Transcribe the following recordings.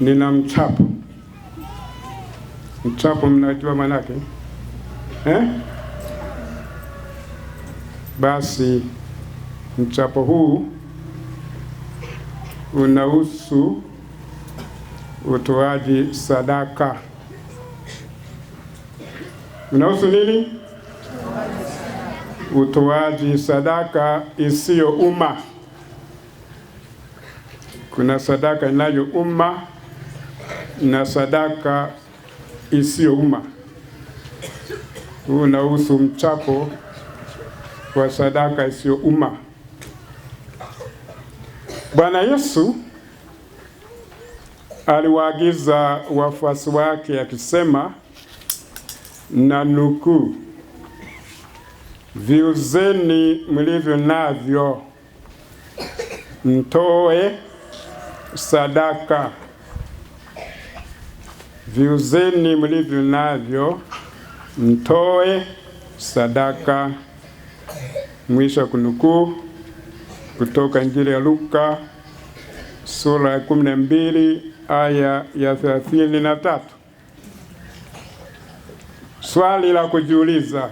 Nina mchapo mchapo, mnajua manake eh? Basi mchapo huu unahusu utoaji sadaka. Unahusu nini? Utoaji sadaka isiyo uma. Kuna sadaka inayo umma na sadaka isiyouma. Huu unahusu mchapo wa sadaka isiyouma. Bwana Yesu aliwaagiza wafuasi wake akisema, na nukuu, viuzeni mlivyo navyo mtoe sadaka viuzeni mlivyo navyo, mtoe sadaka. Mwisho wa kunukuu kutoka Injili ya Luka sura ya kumi na mbili aya ya thelathini na tatu. Swali la kujiuliza,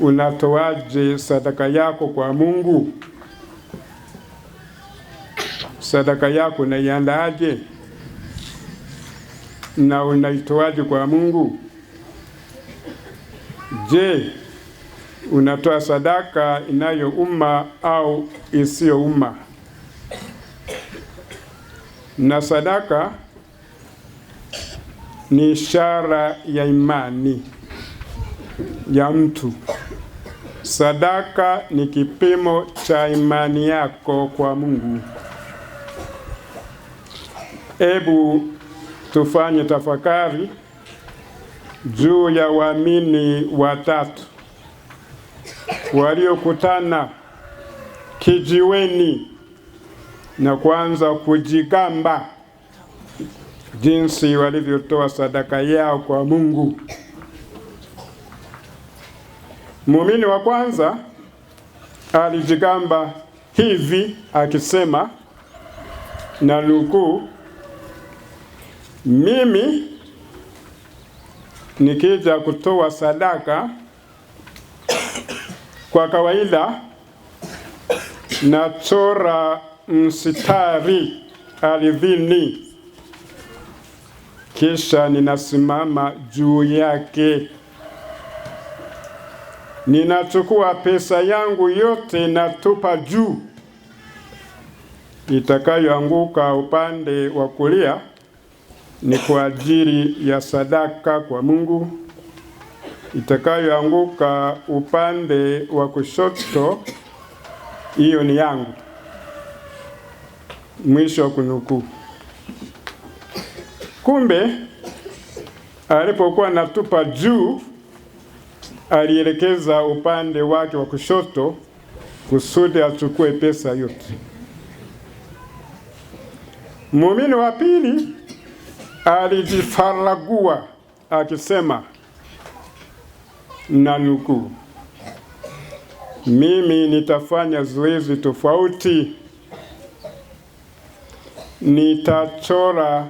unatoaje sadaka yako kwa Mungu? Sadaka yako unaiandaaje? na unaitoaje kwa Mungu? Je, unatoa sadaka inayouma au isiyouma? Na sadaka ni ishara ya imani ya mtu. Sadaka ni kipimo cha imani yako kwa Mungu. Ebu tufanye tafakari juu ya waamini watatu waliokutana kijiweni na kuanza kujigamba jinsi walivyotoa sadaka yao kwa Mungu. Muumini wa kwanza alijigamba hivi akisema, na nukuu mimi nikija kutoa sadaka kwa kawaida nachora msitari ardhini, kisha ninasimama juu yake. Ninachukua pesa yangu yote natupa juu, itakayoanguka upande wa kulia ni kwa ajili ya sadaka kwa Mungu itakayoanguka upande wa kushoto. Hiyo ni yangu. Mwisho wa kunukuu. Kumbe alipokuwa natupa juu, alielekeza upande wake wa kushoto kusudi achukue pesa yote. Muumini wa pili alijifaragua akisema na nukuu, mimi nitafanya zoezi tofauti, nitachora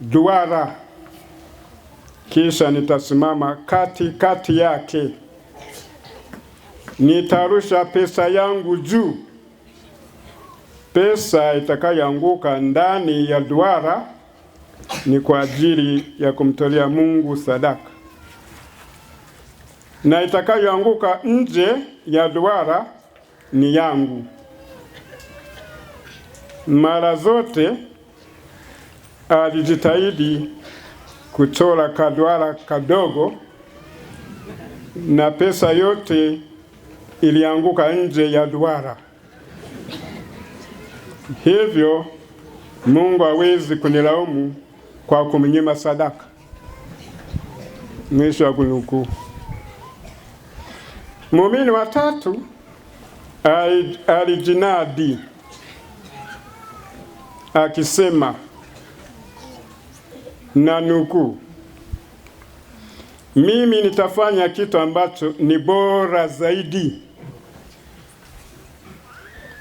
duara kisha nitasimama kati kati yake, nitarusha pesa yangu juu, pesa itakayoanguka ndani ya duara ni kwa ajili ya kumtolea Mungu sadaka, na itakayoanguka nje ya duara ni yangu. Mara zote alijitahidi kuchora kaduara kadogo na pesa yote ilianguka nje ya duara. Hivyo Mungu hawezi kunilaumu kwa kumnyima sadaka. Mwisho wa kunukuu. Muumini wa tatu alijinadi akisema na nukuu, mimi nitafanya kitu ambacho ni bora zaidi.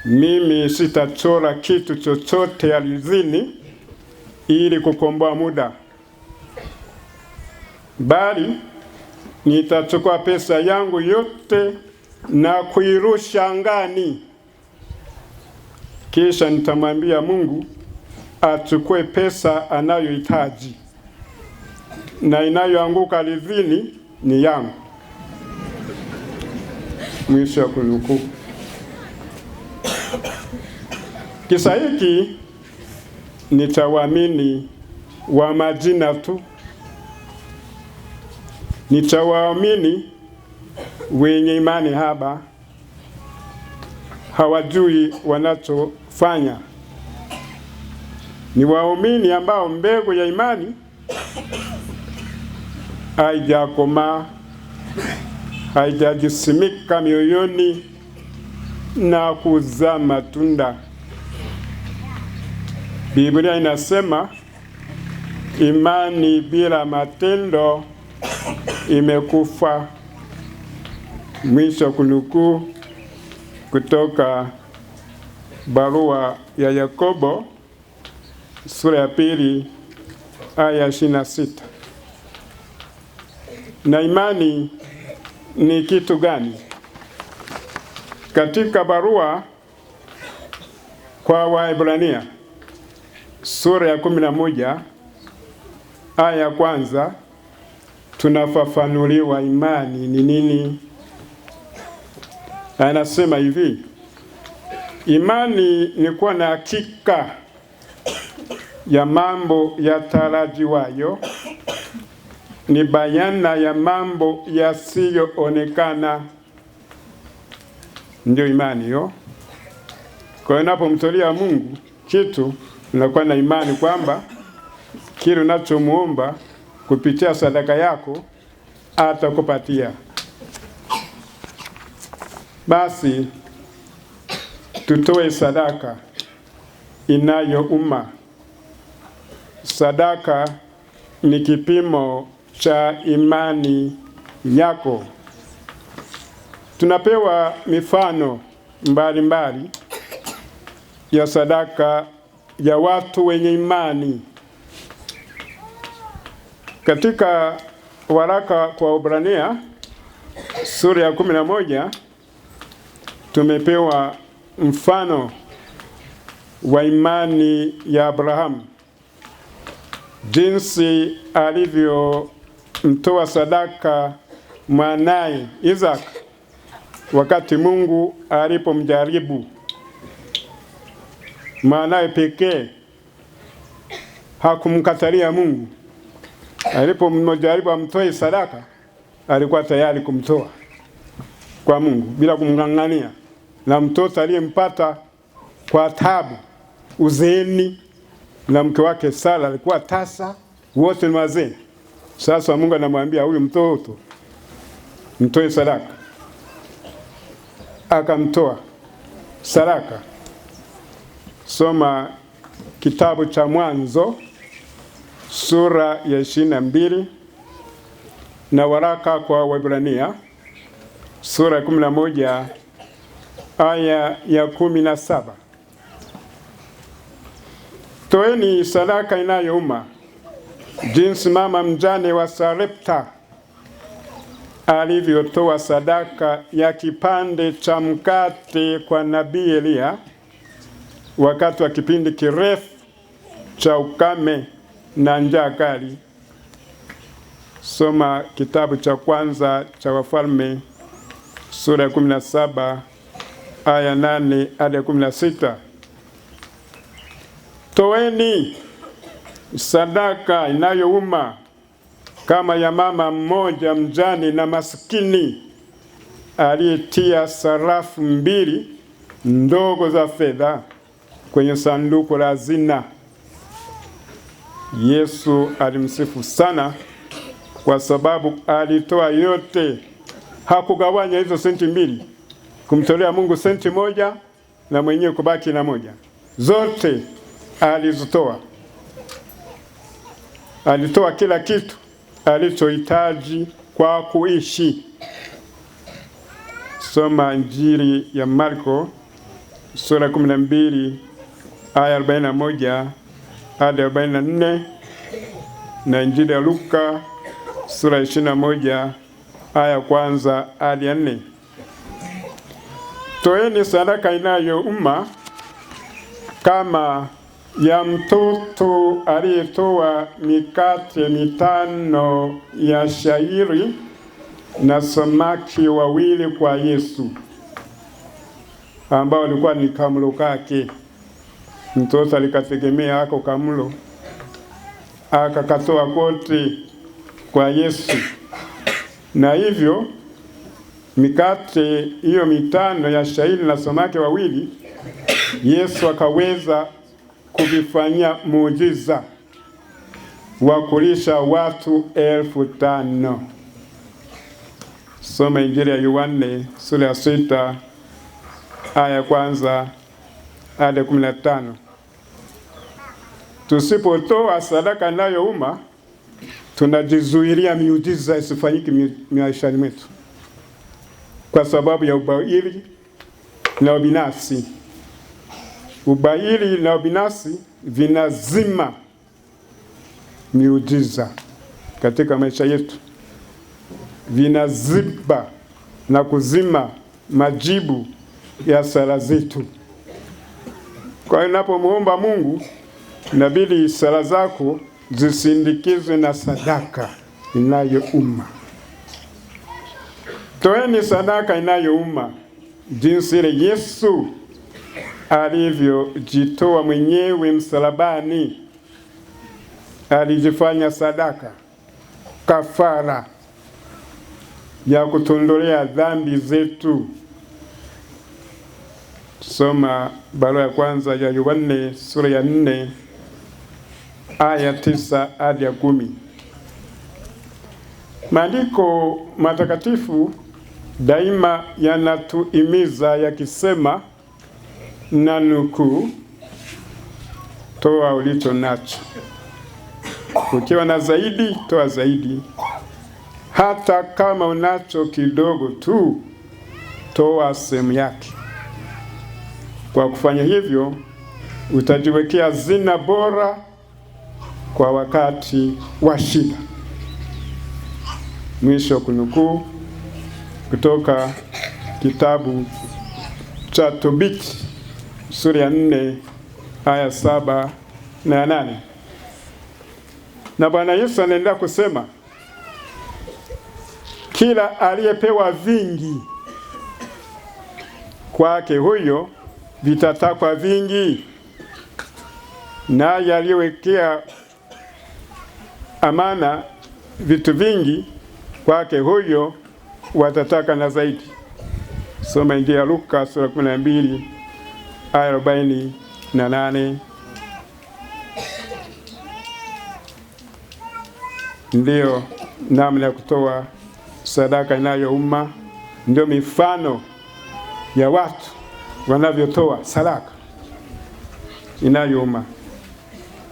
Mimi sitachora kitu chochote alizini ili kukomboa muda, bali nitachukua pesa yangu yote na kuirusha angani, kisha nitamwambia Mungu achukue pesa anayohitaji na inayoanguka ardhini ni yangu. Mwisho wa kunukuu. Kisa hiki nitawaamini wa majina tu, nitawaamini wenye imani haba, hawajui wanachofanya. Ni waumini ambao mbegu ya imani haijakomaa, haijajisimika mioyoni na kuzaa matunda. Biblia inasema imani bila matendo imekufa. Mwisho kunukuu kutoka barua ya Yakobo sura ya pili aya ishirini na sita. Na imani ni kitu gani? Katika barua kwa Waebrania sura ya kumi na moja aya ya kwanza tunafafanuliwa imani ni nini. Anasema hivi, imani ni kuwa na hakika ya mambo yatarajiwayo, ni bayana ya mambo yasiyoonekana. Ndio imani hiyo. Kwa hiyo unapomtolea Mungu kitu unakuwa na imani kwamba kile unachomuomba kupitia sadaka yako atakupatia. Basi tutoe sadaka inayouma. Sadaka ni kipimo cha imani yako. Tunapewa mifano mbalimbali mbali ya sadaka ya watu wenye imani. Katika waraka kwa ubrania sura ya 11 tumepewa mfano wa imani ya Abrahamu, jinsi alivyomtoa sadaka mwanaye Isaka wakati Mungu alipomjaribu maanaye pekee. Hakumkatalia Mungu. alipo Alipomjaribu amtoe sadaka, alikuwa tayari kumtoa kwa Mungu bila kumng'ang'ania, na mtoto aliyempata kwa tabu uzeeni na mke wake Sara alikuwa tasa, wote ni wazee. Sasa Mungu anamwambia huyu mtoto mtoe sadaka, akamtoa sadaka. Soma kitabu cha Mwanzo sura ya ishirini na mbili na waraka kwa Waebrania sura ya kumi na moja aya ya kumi na saba toeni sadaka inayouma jinsi mama mjane wa Sarepta alivyotoa sadaka ya kipande cha mkate kwa nabii Eliya wakati wa kipindi kirefu cha ukame na njaa kali. Soma kitabu cha kwanza cha Wafalme sura ya 17 aya 8 hadi ya 16. Toweni sadaka inayouma kama ya mama mmoja mjane na masikini aliyetia sarafu mbili ndogo za fedha kwenye sanduku la zina Yesu alimsifu sana kwa sababu alitoa yote, hakugawanya hizo senti mbili kumtolea Mungu senti moja na mwenyewe kubaki na moja, zote alizitoa. Alitoa kila kitu alichohitaji kwa kuishi. Soma Injili ya Marko sura 12 aya 41 hadi 44 na Injili ya Luka sura 21 aya kwanza hadi ya nne. Toeni sadaka inayouma kama ya mtoto aliyetoa mikate mitano ya shairi na samaki wawili kwa Yesu ambao walikuwa ni kamlo kake mtoto alikategemea ako kamlo akakatoa koti kwa Yesu, na hivyo mikate hiyo mitano ya shayiri na samaki wawili Yesu akaweza kuvifanyia muujiza wa kulisha watu elfu tano. Soma Injili ya Yohane sura ya sita aya ya kwanza hadi kumi na tano. Tusipotoa sadaka inayouma tunajizuilia miujiza isifanyike maishani mwetu kwa sababu ya ubaili na ubinafsi. Ubaili na ubinafsi vinazima miujiza katika maisha yetu, vinaziba na kuzima majibu ya sala zetu. Kwa hiyo napomwomba Mungu inabidi sala zako zisindikizwe na sadaka inayouma. Toeni sadaka inayouma jinsi ile Yesu alivyojitoa mwenyewe msalabani, alijifanya sadaka kafara ya kutondolea dhambi zetu. Soma barua ya kwanza ya Yohane sura ya nne aya tisa hadi ya kumi. Maandiko matakatifu daima yanatuimiza yakisema, na nukuu, toa ulicho nacho, ukiwa na zaidi toa zaidi, hata kama unacho kidogo tu, toa sehemu yake. Kwa kufanya hivyo utajiwekea zina bora kwa wakati wa shida. Mwisho kunukuu kutoka kitabu cha Tobiti sura ya nne aya saba na ya nane. Na Bwana Yesu anaendelea kusema, kila aliyepewa vingi kwake huyo vitatakwa vingi, naye aliyewekea amana vitu vingi kwake huyo watataka na zaidi. Soma Injili ya Luka sura 12 aya 48. Ndiyo namna ya kutoa sadaka inayouma, ndio mifano ya watu wanavyotoa sadaka inayouma.